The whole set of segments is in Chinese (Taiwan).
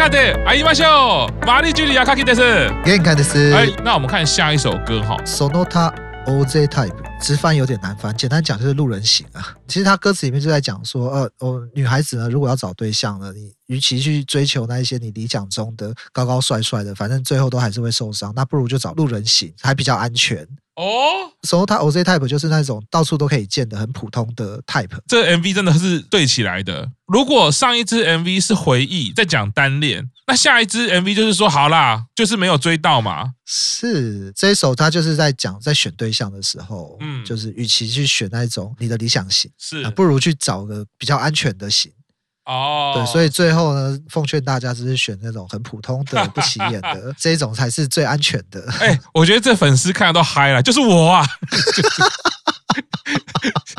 卡的，阿姨馬秀，瑪麗茱莉亞卡吉斯，給你看的是。哎，那我們看下一首歌哈，《Sonata OZ Type》。直翻有點難翻，反正簡單講就是路人型啊。其實他歌詞裡面就在講說，呃，我、呃、女孩子呢，如果要找對象呢，你與其去追求那一些你理想中的高高帥帥的，反正最後都還是會受傷，那不如就找路人型，還比較安全。哦、oh?，so 他 OZ type 就是那種到處都可以見的很普通的 type。這 MV 真的是對起來的。如果上一支 MV 是回憶、oh. 在講單戀，那下一支 MV 就是說好啦，就是沒有追到嘛。是，這一首他就是在講，在選對象的時候，嗯，就是與其去選那種你的理想型，是、呃、不如去找個比較安全的型。哦、oh.，所以最後呢，奉勸大家，就是選那種很普通的、不起眼的， 這種才是最安全的。哎、欸，我覺得這粉絲看的都嗨了，就是我啊，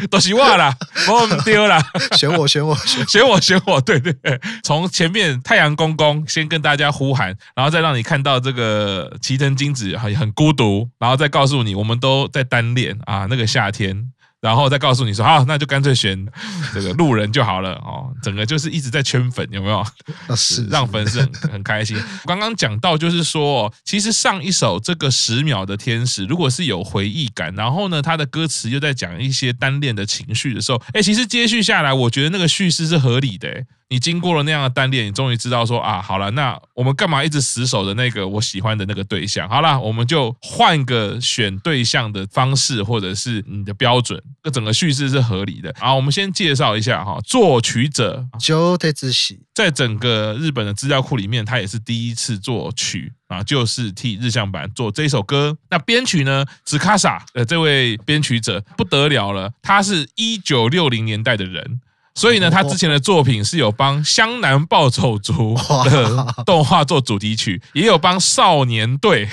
都喜慣了，不 丟 我啦， 啦選，我選我，選我，選我，選我，對對對，從前面太陽公公先跟大家呼喊，然後再讓你看到這個齊藤京子很很孤獨，然後再告訴你，我們都在單戀啊，那個夏天。然後再告訴你說，好，那就乾脆選這個路人就好了哦。整個就是一直在圈粉，有沒有？啊、是，是讓粉絲很很開心。 我剛剛講到就是說，其實上一首這個十秒的天使，如果是有回憶感，然後呢，他的歌詞又在講一些單戀的情緒的時候，哎，其實接續下來，我覺得那個敘事是合理的誒。你經過了那樣的單戀，你終於知道說啊，好了，那我們幹嘛一直死守着那個我喜歡的那個對象？好了，我們就換個選對象的方式，或者是你的標準。這整個敘事是合理的。好，我們先介紹一下哈，作曲者就在自己，在整個日本的資料庫裡面，他也是第一次作曲啊，就是替日向坂做這首歌。那編曲呢，只卡薩，呃，這位編曲者不得了了，他是一九六零年代的人。所以呢，他之前的作品是有幫《湘南暴走族》的動畫做主題曲，也有幫《少年隊》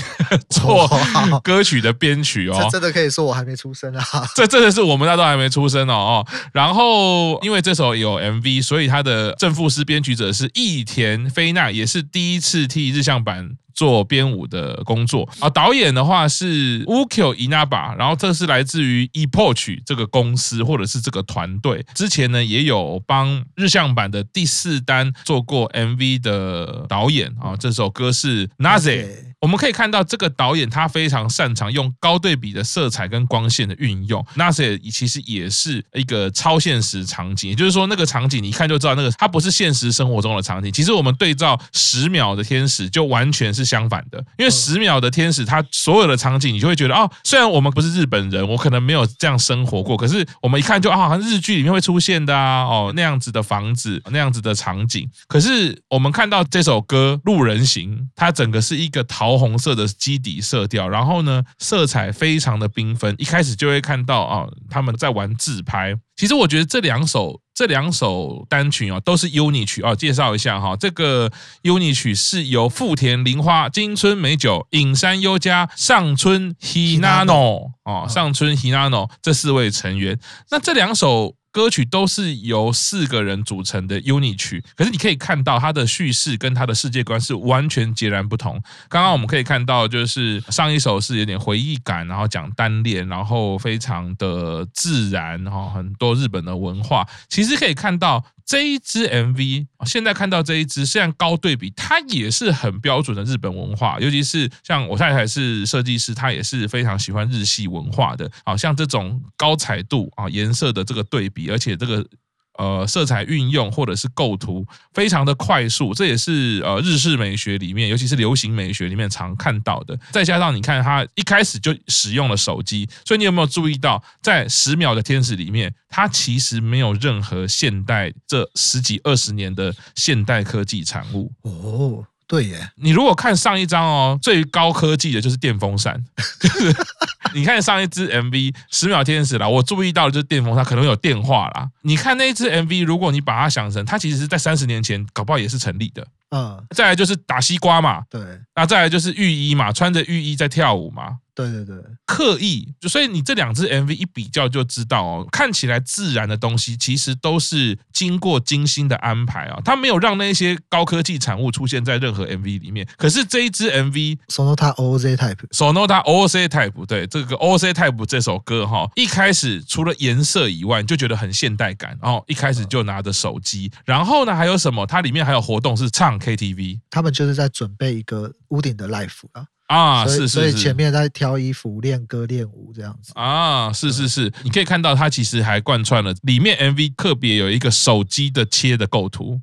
做歌曲的編曲哦。這個可以說我還沒出生啊！這真的是我們大家都還沒出生哦。然後，因為這首有 MV，所以他的正副師編曲者是益田非娜，也是第一次替日向坂。做編舞的工作啊，導演的話是 Ukyo Inaba，然後這是來自於 Epoch 這個公司或者是這個團隊，之前呢也有幫日向坂的第四單做過 MV 的導演啊。這首歌是 Naze，okay。我們可以看到這個導演他非常擅長用高對比的色彩跟光線的運用。Naze 其實也是一個超現實場景，也就是說那個場景你一看就知道那個它不是現實生活中的場景。其實我們對照十秒的天使就完全是。相反的，因為十秒的天使，它所有的場景，你就會覺得，哦，雖然我們不是日本人，我可能沒有這樣生活過，可是我們一看就啊，好像，哦，日劇裡面會出現的啊，哦，那樣子的房子，那樣子的場景。可是我們看到這首歌《路人行》，它整個是一個桃紅色的基底色調，然後呢，色彩非常的繽紛，一開始就會看到啊、哦，他們在玩自拍。其實我覺得這兩首。這兩首單曲哦，都是 uni 曲哦。介紹一下哈、哦，這個 uni 曲是由富田鈴花、金村美玖、影山優佳、上村希那諾啊，上村希那諾這四位成員。那這兩首。歌曲都是由四個人組成的 unit 曲，可是你可以看到它的敘事跟它的世界觀是完全截然不同。剛剛我們可以看到，就是上一首是有點回憶感，然後講單戀，然後非常的自然，然後很多日本的文化，其實可以看到。這一支 MV，現在看到這一支，雖然高對比，它也是很標準的日本文化，尤其是像我太太是設計師，她也是非常喜歡日系文化的，啊，像這種高彩度啊顏色的這個對比，而且這個。呃，色彩運用或者是構圖非常的快速，這也是呃日式美學裡面，尤其是流行美學裡面常看到的。再加上你看，它一開始就使用了手機，所以你有沒有注意到，在十秒的天使裡面，它其實沒有任何現代這十幾二十年的現代科技產物哦。對耶，你如果看上一張哦，最高科技的就是電風扇，就是、 你看上一支 MV《十秒天使》啦，我注意到的就是電風扇可能有電話啦。你看那一支 MV，如果你把它想成，它其實是在三十年前搞不好也是成立的。嗯，再來就是打西瓜嘛，對，那、啊、再來就是浴衣嘛，穿着浴衣在跳舞嘛，對對對，刻意就，所以你這兩支 MV 一比較就知道哦，看起來自然的東西其實都是經過精心的安排啊、哦，他沒有讓那些高科技產物出現在任何 MV 裡面。可是這一支 MV Sonata OZ Type，Sonata OZ Type，對，這個 OZ Type 這首歌哈、哦，一開始除了顏色以外就覺得很現代感，然、哦、後一開始就拿着手機，嗯、然後呢，還有什麼？它裡面還有活動是唱。KTV，他們就是在準備一個屋頂的 live 啊。啊，是是,是。所以前面在挑衣服、練歌、練舞這樣子啊，是是是，你可以看到他其實還貫穿了裡面 MV，特別有一個手機的切的構圖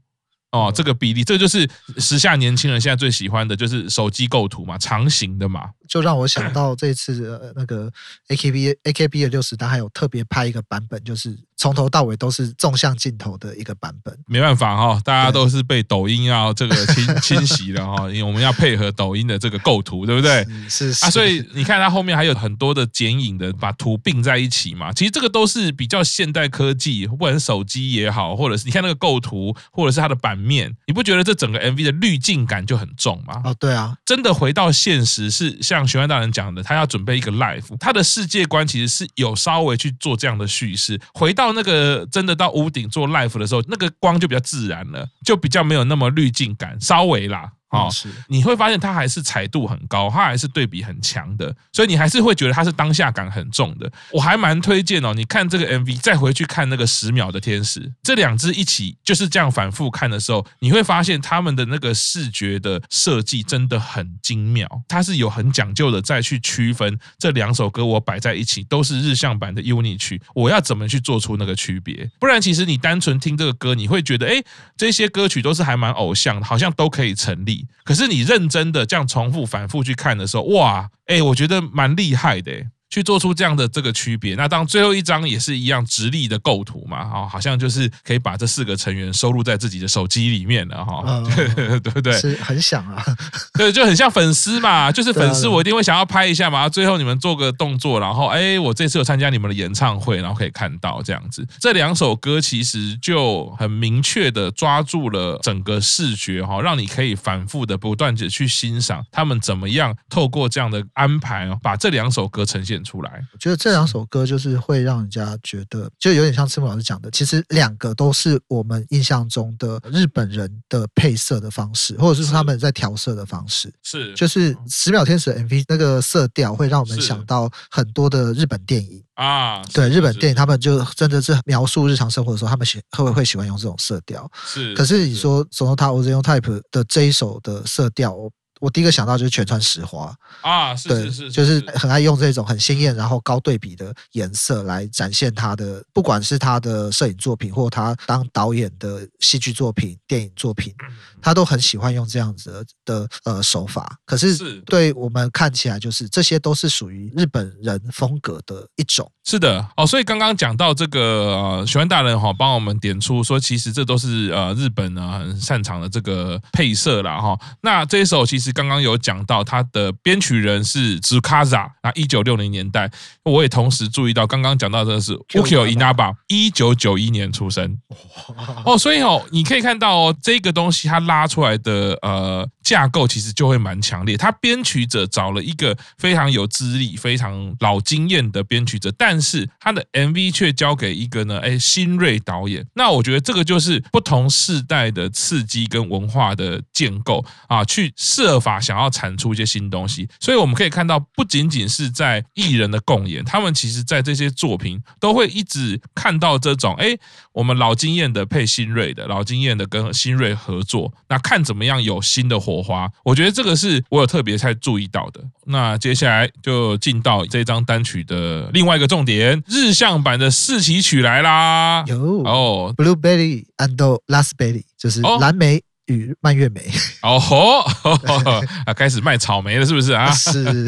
哦、啊，這個比例這個、就是時下年輕人現在最喜歡的就是手機構圖嘛，長形的嘛，就讓我想到這次那個 AKB、嗯、AKB 的六十單還有特別拍一個版本就是。從頭到尾都是縱向鏡頭的一個版本，沒辦法哈、哦，大家都是被抖音要、啊、這個清清洗的哈、哦，因為我們要配合抖音的這個構圖，對不對？是，是啊是，所以你看他後面還有很多的剪影的把圖併在一起嘛，其實這個都是比較現代科技，不管手機也好，或者是你看那個構圖，或者是它的版面，你不覺得這整個 MV 的濾鏡感就很重嗎？哦，對啊，真的回到現實是像玄幻大人講的，他要準備一個 life，他的世界觀其實是有稍微去做這樣的敘事，回到。那個真的到屋頂做 live 的時候，那個光就比較自然了，就比較沒有那麼濾鏡感，稍微啦。哦，你會發現它還是彩度很高，它還是對比很強的，所以你還是會覺得它是當下感很重的。我還蠻推薦哦，你看這個 MV，再回去看那個十秒的天使，這兩支一起就是這樣反復看的時候，你會發現他們的那個視覺的設計真的很精妙，它是有很講究的再去區分這兩首歌。我擺在一起都是日向坂的 unit 曲，我要怎麼去做出那個區別？不然其實你單純聽這個歌，你會覺得哎，這些歌曲都是還蠻偶像的，好像都可以成立。可是你認真的這樣重複、反復去看的時候，哇，哎、欸，我覺得蠻厲害的、欸。去做出這樣的這個區別，那當最後一張也是一樣直立的構圖嘛，哦，好像就是可以把這四個成員收錄在自己的手機裡面了，哈、嗯， 對不對？是很想啊， 對，就很像粉絲嘛，就是粉絲我一定會想要拍一下嘛，然後最後你們做個動作，然後哎，我這次有參加你們的演唱會，然後可以看到這樣子，這兩首歌其實就很明確的抓住了整個視覺哈，讓你可以反覆的不斷的去欣賞他們怎麼樣透過這樣的安排哦，把這兩首歌呈現。出來，我覺得這兩首歌就是會讓人家覺得，就有點像赤木老師講的，其實兩個都是我們印象中的日本人的配色的方式，或者是他們在調色的方式。是，就是十秒天使的 MV 那個色調會讓我們想到很多的日本電影啊，對，是是是是，日本電影，他們就真的是描述日常生活的時候，他們喜會會喜歡用這種色調。是，是，是，可是你說，從他 Only 用 Type 的這一首的色調。我第一個想到就是蜷川實花啊。是是是是對，是就是很愛用這種很鮮豔然後高對比的顏色來展現他的，不管是他的攝影作品或他當導演的戲劇作品、電影作品，他都很喜歡用這樣子的，的呃手法。可是對我們看起來，就是這些都是屬於日本人風格的一種。是的，哦，所以剛剛講到這個呃，學問大人哈、哦，幫我們點出說，其實這都是呃日本啊很擅長的這個配色啦哈、哦。那這一首其實剛剛有講到，他的編曲人是 Zukaza，那一九六零年代，我也同時注意到，剛剛講到的是 Ukyo Inaba，一九九一年出生。哇哦，所以哦，你可以看到哦，這個東西他拉出來的呃架構其實就會蠻強烈。他編曲者找了一個非常有資歷、非常老經驗的編曲者，但但是他的 MV 卻交給一個呢，哎，新銳導演。那我覺得這個就是不同世代的刺激跟文化的建構啊，去設法想要產出一些新東西。所以我們可以看到，不僅僅是在藝人的共演，他們其實在這些作品都會一直看到這種，哎，我們老經驗的配新銳的，老經驗的跟新銳合作，那看怎麼樣有新的火花。我覺得這個是我有特別才注意到的。那接下來就進到這張單曲的另外一個重點。點日向坂的四期曲來啦，有哦、oh,，Blueberry and Raspberry 就是藍莓與蔓越莓，哦、oh, 吼、oh, oh, oh, oh, 啊，開始賣草莓了是不是啊？ 是，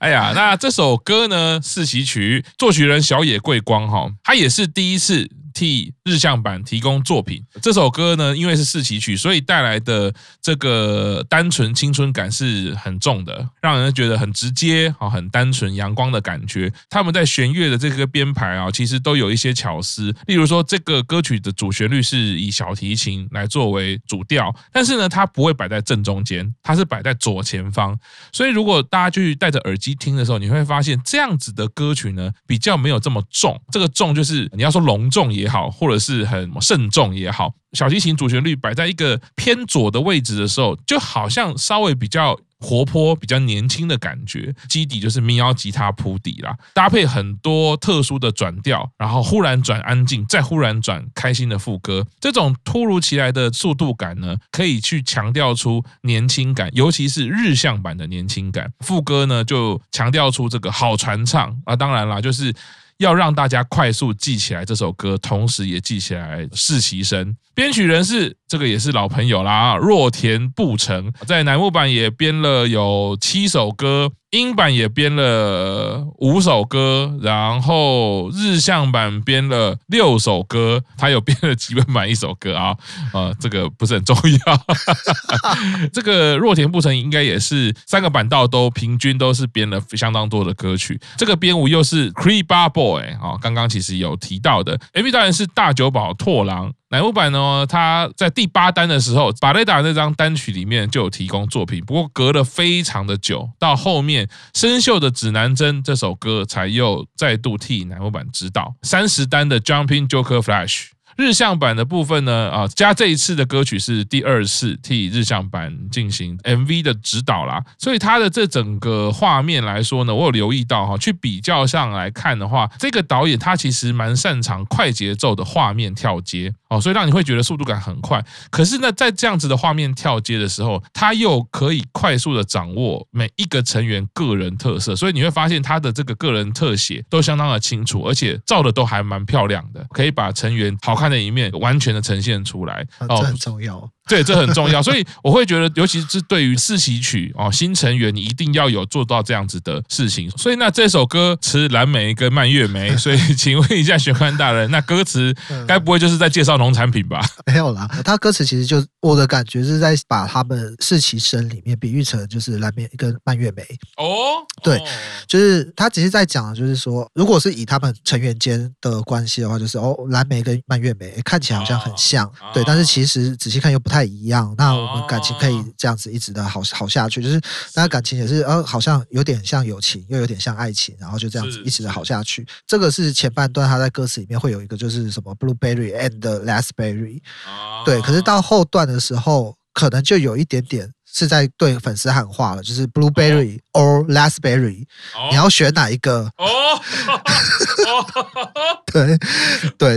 哎呀，那這首歌呢，四 期曲作曲人小野桂光哈、哦，他也是第一次。替日向坂提供作品，這首歌呢，因為是四期曲，所以帶來的這個單純青春感是很重的，讓人覺得很直接哈，很單純陽光的感覺。他們在弦樂的這個編排啊，其實都有一些巧思，例如說這個歌曲的主旋律是以小提琴來作為主調，但是呢，它不會擺在正中間，它是擺在左前方，所以如果大家去戴着耳機聽的時候，你會發現這樣子的歌曲呢，比較沒有這麼重，這個重就是你要說隆重也。好，或者是很慎重也好，小提琴主旋律擺在一個偏左的位置的時候，就好像稍微比較活潑、比較年輕的感覺。基底就是民謠吉他鋪底啦，搭配很多特殊的轉調，然後忽然轉安靜，再忽然轉開心的副歌。這種突如其來的速度感呢，可以去強調出年輕感，尤其是日向坂的年輕感。副歌呢，就強調出這個好傳唱啊。當然啦，就是。要讓大家快速記起來這首歌，同時也記起來四期生。編曲人是這個，也是老朋友啦，若田部誠在乃木坂也編了有七首歌，英版也編了五首歌，然後日向版編了六首歌，他有編了基本版一首歌啊，呃，這個不是很重要。呵呵 這個若田步成應該也是三個坂道都平均都是編了相當多的歌曲。這個編舞又是 CRE8BOY 啊、哦，剛剛其實有提到的。 MV 當然是大久保拓郎。乃木坂呢，他在第八單的時候，《巴雷達》那張單曲裡面就有提供作品，不過隔了非常的久，到後面《生銹的指南針》這首歌才又再度替乃木坂指導。三十單的《Jumping Joker Flash》，日向坂的部分呢，啊，加這一次的歌曲是第二次替日向坂進行 MV 的指導啦。所以他的這整個畫面來說呢，我有留意到哈，去比較上來看的話，這個導演他其實蠻擅長快節奏的畫面跳接。哦，所以讓你會覺得速度感很快，可是呢，在這樣子的畫面跳接的時候，他又可以快速的掌握每一個成員個人特色，所以你會發現他的這個個人特寫都相當的清楚，而且照的都還蠻漂亮的，可以把成員好看的一面完全的呈現出來。哦，很重要哦，對，這很重要。 所以我會覺得，尤其是對於四期曲哦，新成員你一定要有做到這樣子的事情。所以那這首歌詞藍莓跟蔓越莓，所以請問一下玄關大人，那歌詞該不會就是在介紹？農產品吧，沒有啦。他歌詞其實就我的感覺是在把他們四期生裡面比喻成就是藍莓跟蔓越莓，哦，對。哦就是他只是在講，就是說，如果是以他們成員間的關係的話，就是哦，藍莓跟蔓越莓、欸、看起來好像很像，啊、對，但是其實仔細看又不太一樣。那我們感情可以這樣子一直的好好下去，就是那感情也是，是呃，好像有點像友情，又有點像愛情，然後就這樣子一直的好下去。這個是前半段，他在歌詞裡面會有一個就是什麼 blueberry and the last berry、啊、對，可是到後段的時候，可能就有一點點。是在對粉絲喊話了，就是 blueberry or raspberry，、oh. 你要選哪一個？哦、oh. oh. oh. ，對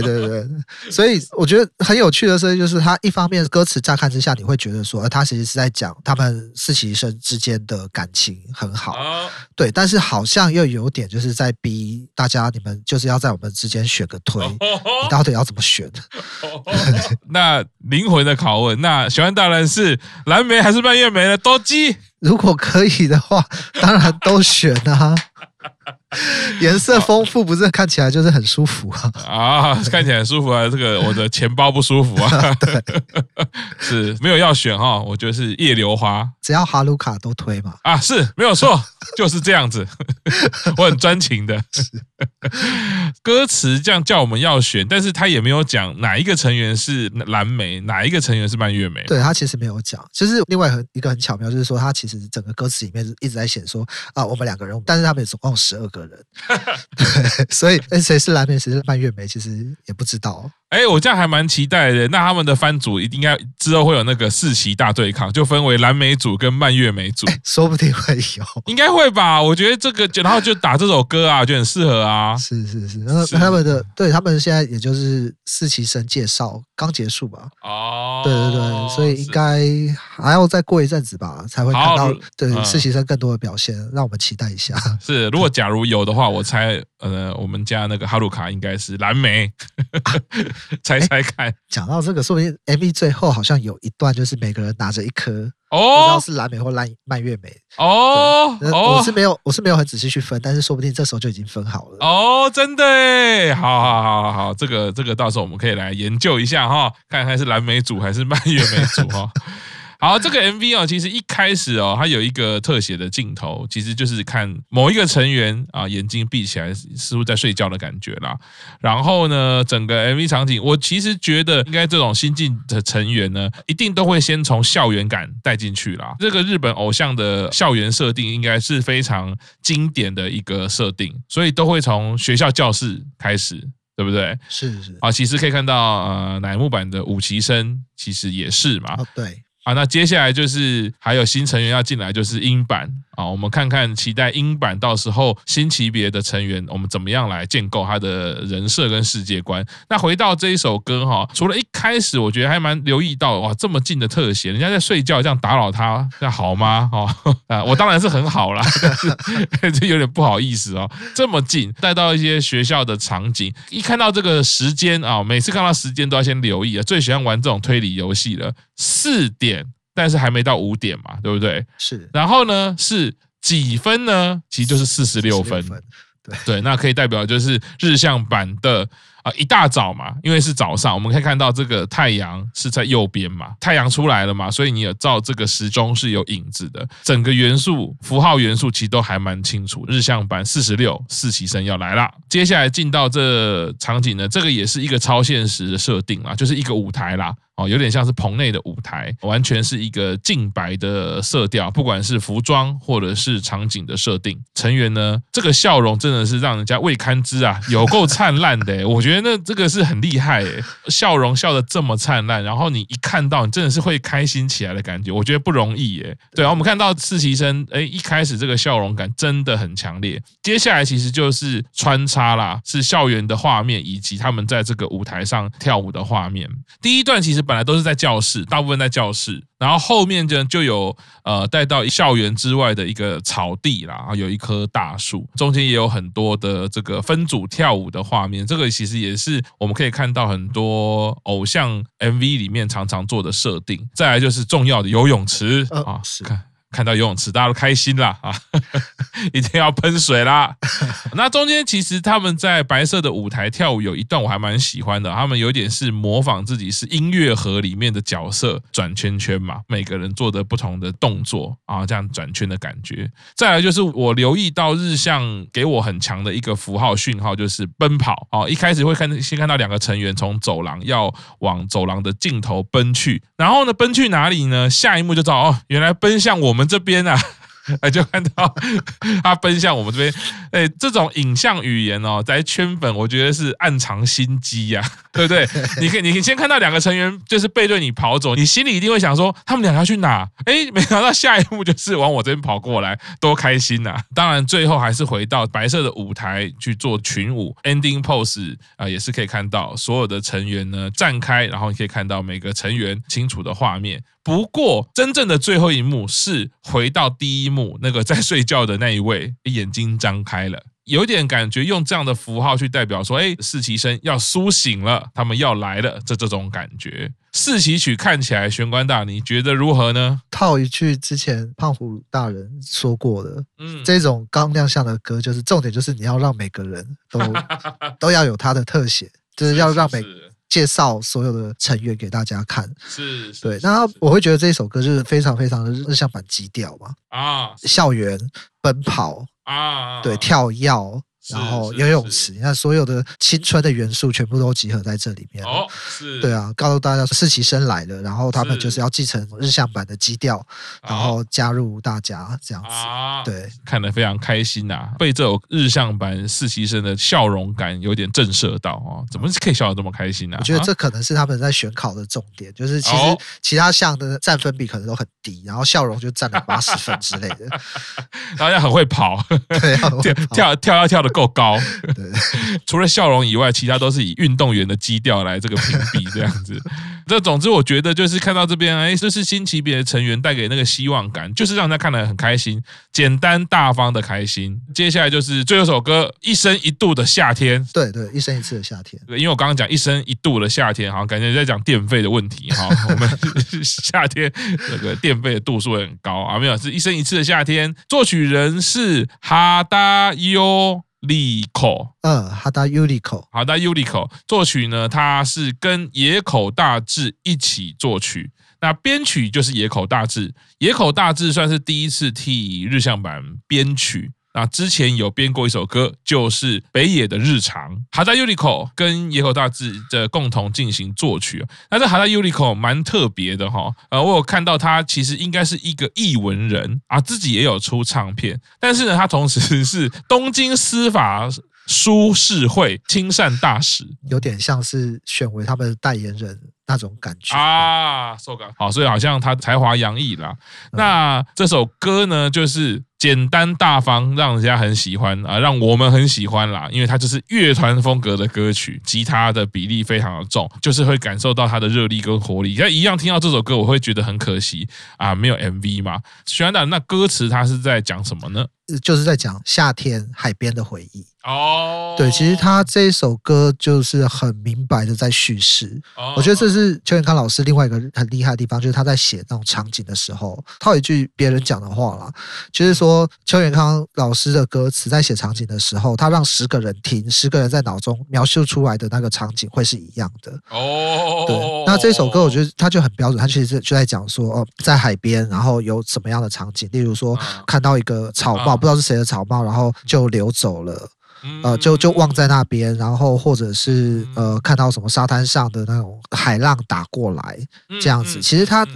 對對對，所以我覺得很有趣的事情就是，他一方面歌詞乍看之下，你會覺得說，他其實是在講他們四期生之間的感情很好，oh. 對，但是好像又有點就是在逼大家，你們就是要在我們之間選個推，oh. Oh. Oh. 你到底要怎麼選？Oh. Oh. Oh. 那靈魂的拷問，那小安大人是藍莓還是半夜？沒了，多雞。如果可以的話，當然都選啊。 顏 色豐富，不是看起來就是很舒服啊！啊，看起來很舒服啊！這個我的錢包不舒服啊 對！對，是沒有要選哈、哦，我覺得是夜流花，只要哈魯卡都推嘛！啊，是沒有錯，就是這樣子， 我很專情的。是，歌詞這樣叫我們要選，但是他也沒有講哪一個成員是藍莓，哪一個成員是蔓越莓。對，他其實沒有講，其、就、實、是、另外很一個很巧妙就是說，他其實整個歌詞裡面是一直在寫說啊，我們兩個人，但是他們總共是。十二個人， 對，所以誰是藍莓，誰是蔓越莓，其實也不知道。哎、欸，我這樣還蠻期待的。那他們的番組應該之後會有那個四期大對抗，就分為藍莓組跟蔓越莓組，欸、說不定會有，應該會吧？我覺得這個就然後就打這首歌啊，就很適合啊。是是是，然後他們的對他們現在也就是四期生介紹剛結束吧？哦，對對對，所以應該還要再過一陣子吧，才會看到對四期、嗯、生更多的表現，讓我們期待一下。是，如果假如有的話，我猜呃，我們家那個哈魯卡應該是藍莓。啊拆拆看、欸，講到這個，說不定 MV 最後好像有一段，就是每個人拿着一顆、哦，不知道是藍莓或藍蔓越莓。哦，哦，我是沒有，我是沒有很仔細去分，但是說不定這時候就已經分好了。哦，真的耶，好好好好好，這個這個到時候我們可以來研究一下哈，看看是藍莓組還是蔓越莓組哈。 好、啊，這個 MV 哦，其實一開始哦，它有一個特寫的鏡頭，其實就是看某一個成員啊，眼睛閉起來，似乎在睡覺的感覺啦。然後呢，整個 MV 場景，我其實覺得應該這種新進的成員呢，一定都會先從校園感帶進去啦。這個日本偶像的校園設定應該是非常經典的一個設定，所以都會從學校教室開始，對不對？是是，是。啊，其實可以看到，呃，乃木坂的五期生其實也是嘛。哦，對。啊，那接下來就是還有新成員要進來，就是英版。啊、哦，我們看看期待英版到時候新級別的成員，我們怎麼樣來建構他的人設跟世界觀？那回到這一首歌哈、哦，除了一開始我覺得還蠻留意到哇，這麼近的特寫，人家在睡覺這樣打擾他，那好嗎？哈、哦、啊，我當然是很好啦，這有點不好意思哦，這麼近帶到一些學校的場景，一看到這個時間啊、哦，每次看到時間都要先留意啊，最喜歡玩這種推理遊戲了，四點。但是還沒到五點嘛，對不對？是。然後呢，是幾分呢？其實就是四十六分。對對，那可以代表就是日向坂的啊、呃，一大早嘛，因為是早上，我們可以看到這個太陽是在右邊嘛，太陽出來了嘛，所以你有照這個時鐘是有影子的。整個元素符號元素其實都還蠻清楚。日向坂四十六，四期生要來啦。接下來進到這場景呢，這個也是一個超現實的設定啦，就是一個舞台啦。哦，有點像是棚內的舞台，完全是一個淨白的色調，不管是服裝或者是場景的設定。成員呢，這個笑容真的是讓人家未堪之啊，有夠燦爛的、欸。我覺得那這個是很厲害、欸，笑容笑得這麼燦爛，然後你一看到，你真的是會開心起來的感覺。我覺得不容易耶、欸。對，然後我們看到四期生，哎，一開始這個笑容感真的很強烈。接下來其實就是穿插啦，是校園的畫面以及他們在這個舞台上跳舞的畫面。第一段其實。本來都是在教室，大部分在教室，然後後面呢，就有呃帶到校園之外的一個草地啦，有一棵大樹，中間也有很多的這個分組跳舞的畫面。這個其實也是我們可以看到很多偶像 MV 裡面常常做的設定。再來就是重要的游泳池，呃，是啊，看。看到游泳池，大家都開心啦啊！ 一定要噴水啦。 那中間其實他們在白色的舞台跳舞，有一段我還蠻喜歡的。他們有點是模仿自己是音樂盒裡面的角色轉圈圈嘛，每個人做的不同的動作啊，這樣轉圈的感覺。再來就是我留意到日向給我很強的一個符號訊號，就是奔跑啊。一開始會看先看到兩個成員從走廊要往走廊的盡頭奔去，然後呢，奔去哪裡呢？下一幕就知道哦，原來奔向我們。我們這邊啊，哎，就看到他奔向我們這邊，哎、欸，這種影像語言哦，在圈粉，我覺得是暗藏心機呀、啊，對不對？你可以，你可以先看到兩個成員就是背對你跑走，你心裡一定會想說，他們倆要去哪？哎、欸，沒想到下一幕，就是往我這邊跑過來，多開心吶、啊！當然，最後還是回到白色的舞台去做群舞 ending pose 啊、呃，也是可以看到所有的成員呢站開，然後你可以看到每個成員清楚的畫面。不過，真正的最後一幕是回到第一幕那個在睡覺的那一位，眼睛張開了，有點感覺用這樣的符號去代表說：“哎，四期生要甦醒了，他們要來了。”這這種感覺，四期曲看起來玄關大，你覺得如何呢？套一句之前胖虎大人說過的：“嗯，這種剛亮相的歌，就是重點就是你要讓每個人都 都要有他的特寫，就是要讓每。是是是”介紹所有的成員給大家看是，是對。那我會覺得這一首歌就是非常非常的日向坂基調嘛，啊，校園奔跑啊，對，跳躍。然後游泳池，你看所有的青春的元素全部都集合在這裡面。哦，是，對啊，告訴大家四期生來了，然後他們就是要繼承日向坂的基調，然後加入大家這樣子。啊，對，看得非常開心吶，啊，被這種日向坂四期生的笑容感有點震懾到啊，哦，怎麼可以笑得這麼開心呢？啊？我覺得這可能是他們在選考的重點，啊，就是其實其他項的占分比可能都很低，哦，然後笑容就占了八十分之類的。 大家很會跑，對， 跳，跳跳跳要跳的。夠高，除了笑容以外，其他都是以運動員的基調來這個評比，這樣子。 這總之我覺得就是看到這邊，哎，這是新期別的成員帶給那個希望感，就是讓人家看得很開心，簡單大方的開心。接下來就是最後首歌《一生一度的夏天》對，對對，一生一次的夏天。對，因為我剛剛講一生一度的夏天，好像感覺你在講電費的問題，哈，我們 夏天那個電費的度數很高啊，沒有是一生一次的夏天。作曲人是哈達優利口，嗯，哈達優利口、呃、口，哈達優利口。作曲呢，他是跟野口大是一起作曲，那編曲就是野口大志，野口大志算是第一次替日向坂編曲，那之前有編過一首歌，就是北野的日常。哈達尤利克跟野口大志的共同進行作曲，那這哈達尤利克蠻特別的哈，呃，我有看到他其實應該是一個藝文人啊，自己也有出唱片，但是呢，他同時是東京司法書士會親善大使，有點像是選為他們的代言人。那種感覺啊，手感好，所以好像他才華洋溢啦、嗯。那這首歌呢，就是簡單大方，讓人家很喜歡啊，讓我們很喜歡啦。因為它就是樂團風格的歌曲，吉他的比例非常的重，就是會感受到它的熱力跟活力。要一樣聽到這首歌，我會覺得很可惜啊，沒有 MV 嘛。雖然那歌詞它是在講什麼呢？就是在講夏天海邊的回憶。哦、oh.，對，其實他這一首歌就是很明白的在敘事。Oh. 我覺得這是秋元康老師另外一個很厲害的地方，就是他在寫那種場景的時候，他有一句別人講的話啦，就是說秋元康老師的歌詞在寫場景的時候，他讓十個人聽，十個人在腦中描述出來的那個場景會是一樣的。哦、oh.，對。那這首歌我覺得他就很標準，他其實就在講說哦，在海邊，然後有什麼樣的場景，例如說、uh. 看到一個草帽，uh. 不知道是誰的草帽，然後就流走了。呃，就就望在那邊，然後或者是呃，看到什麼沙灘上的那種海浪打過來這樣子。其實他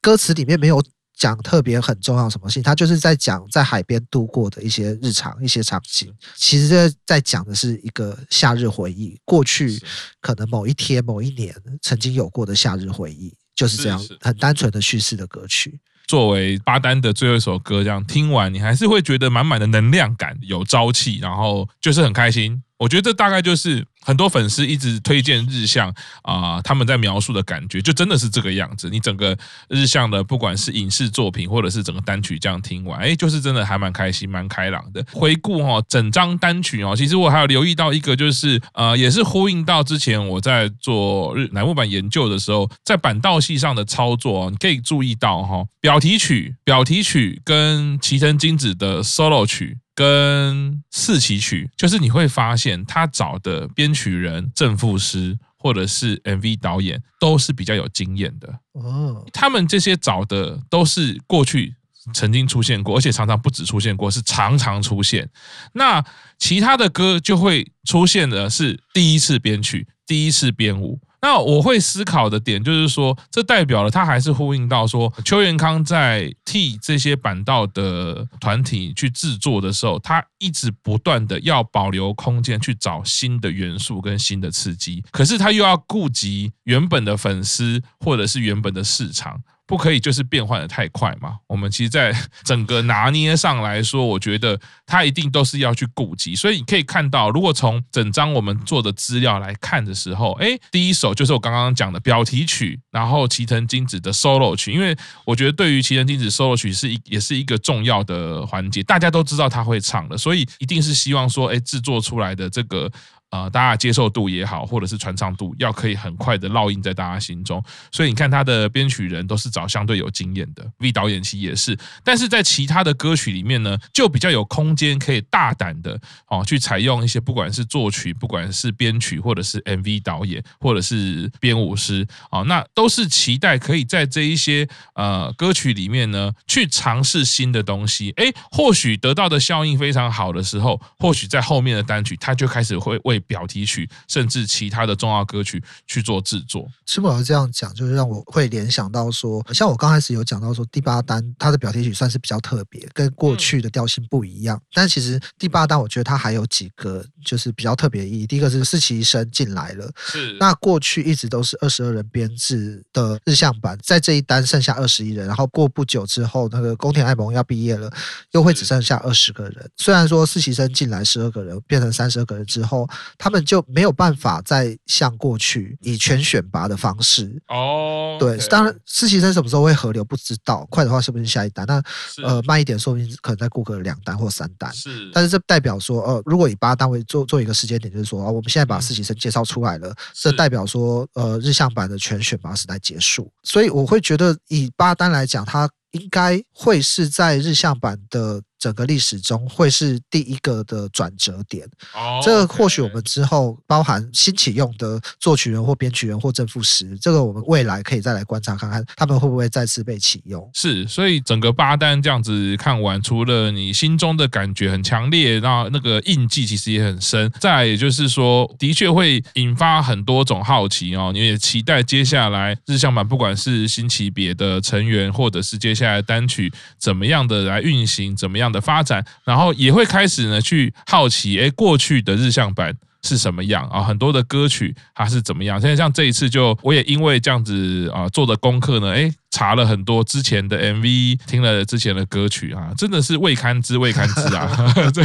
歌詞裡面沒有講特別很重要什麼事情，他就是在講在海邊度過的一些日常一些場景。其實這在講的是一個夏日回憶，過去可能某一天、某一年曾經有過的夏日回憶，就是這樣很單純的敘事的歌曲。作為八單的最後一首歌，這樣聽完你還是會覺得滿滿的能量感，有朝氣，然後就是很開心。我覺得這大概就是很多粉絲一直推薦日向啊、呃，他們在描述的感覺，就真的是這個樣子。你整個日向的，不管是影視作品，或者是整個單曲這樣聽完，哎，就是真的還蠻開心、蠻開朗的。回顧哈、哦，整張單曲哦，其實我還有留意到一個，就是呃，也是呼應到之前我在做日乃木坂研究的時候，在坂道系上的操作、哦，你可以注意到哈、哦，表題曲、表題曲跟齊藤京子的 solo 曲。跟四期曲，就是你會發現他找的編曲人、振付師或者是 MV 導演都是比較有經驗的哦。他們這些找的都是過去曾經出現過，而且常常不止出現過，是常常出現。那其他的歌就會出現的是第一次編曲、第一次編舞。那我會思考的點就是說，這代表了他還是呼應到說，秋元康在替這些坂道的團體去制作的時候，他一直不斷的要保留空間去找新的元素跟新的刺激，可是他又要顧及原本的粉絲或者是原本的市場。不可以，就是變換得太快嘛。我們其實，在整個拿捏上來說，我覺得他一定都是要去顧及。所以你可以看到，如果從整張我們做的資料來看的時候，哎，第一首就是我剛剛講的標題曲，然後齊藤京子的 solo 曲，因為我覺得對於齊藤京子 solo 曲是一也是一個重要的環節，大家都知道他會唱的，所以一定是希望說，哎，制作出來的這個。啊、呃，大家接受度也好，或者是傳唱度要可以很快的烙印在大家心中，所以你看他的編曲人都是找相對有經驗的，V 導演其實也是。但是在其他的歌曲裡面呢，就比較有空間可以大膽的哦去採用一些不管是作曲，不管是編曲，或者是 MV 導演，或者是編舞師哦，那都是期待可以在這一些呃歌曲裡面呢去嘗試新的東西。哎、欸，或許得到的效應非常好的時候，或許在後面的單曲，他就開始會為。表題曲，甚至其他的重要歌曲去做製作。施博老師這樣講，就是讓我會聯想到說，像我剛開始有講到說，第八單它的表題曲算是比較特別，跟過去的調性不一樣，嗯。但其實第八單，我覺得它還有幾個就是比較特別的意義。第一個是四期生進來了，是那過去一直都是二十二人編制的日向坂，在這一單剩下二十一人。然後過不久之後，那個宮田愛萌要畢業了，又會只剩下二十個人。雖然說四期生進來十二個人，變成三十二個人之後。他們就沒有辦法再像過去以全選拔的方式哦，對，okay. 當然實習生什麼時候會合流不知道，快的話是不是下一單，那呃慢一點說不定可能再過個兩單或三單，是，但是這代表說呃，如果以八單為做做一個時間點，就是說啊、呃，我們現在把實習生介紹出來了、嗯，這代表說呃日向坂的全選拔時代結束，所以我會覺得以八單來講，它應該會是在日向坂的。整個歷史中會是第一個的轉折點，oh, okay. 這個或許我們之後包含新啟用的作曲人或編曲人或正副十，這個我們未來可以再來觀察看看，他們會不會再次被啟用？是，所以整個八單這樣子看完，除了你心中的感覺很強烈，那那個印記其實也很深，再來也就是說，的確會引發很多種好奇哦，你也期待接下來日向坂不管是新期別的成員，或者是接下來單曲怎麼樣的來運行，怎麼樣？的發展，然後也會開始呢去好奇，哎，過去的日向坂是什麼樣啊？很多的歌曲它是怎麼樣？現在像這一次就，就我也因為這樣子啊做的功課呢，哎。查了很多之前的 MV，聽了之前的歌曲啊，真的是未堪知，未堪知啊！這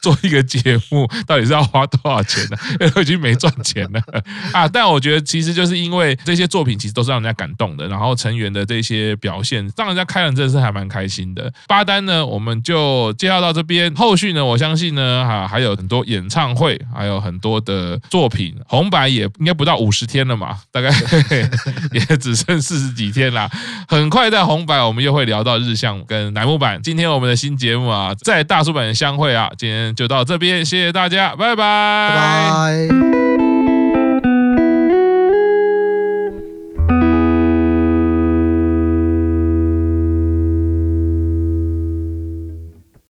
做一個節目到底是要花多少錢呢、啊？因為都已經沒賺錢了啊！但我覺得其實就是因為這些作品其實都是讓人家感動的，然後成員的這些表現讓人家看了真的是還蠻開心的。八單呢，我們就介紹到這邊。後續呢，我相信呢，哈、啊，還有很多演唱會，還有很多的作品。紅白也應該不到五十天了嘛，大概嘿嘿也只剩四十幾天了。很快在紅白，我們又會聊到日向跟楠木版。今天我們的新節目啊，在大叔坂相會啊，今天就到這邊，謝謝大家，拜拜拜拜。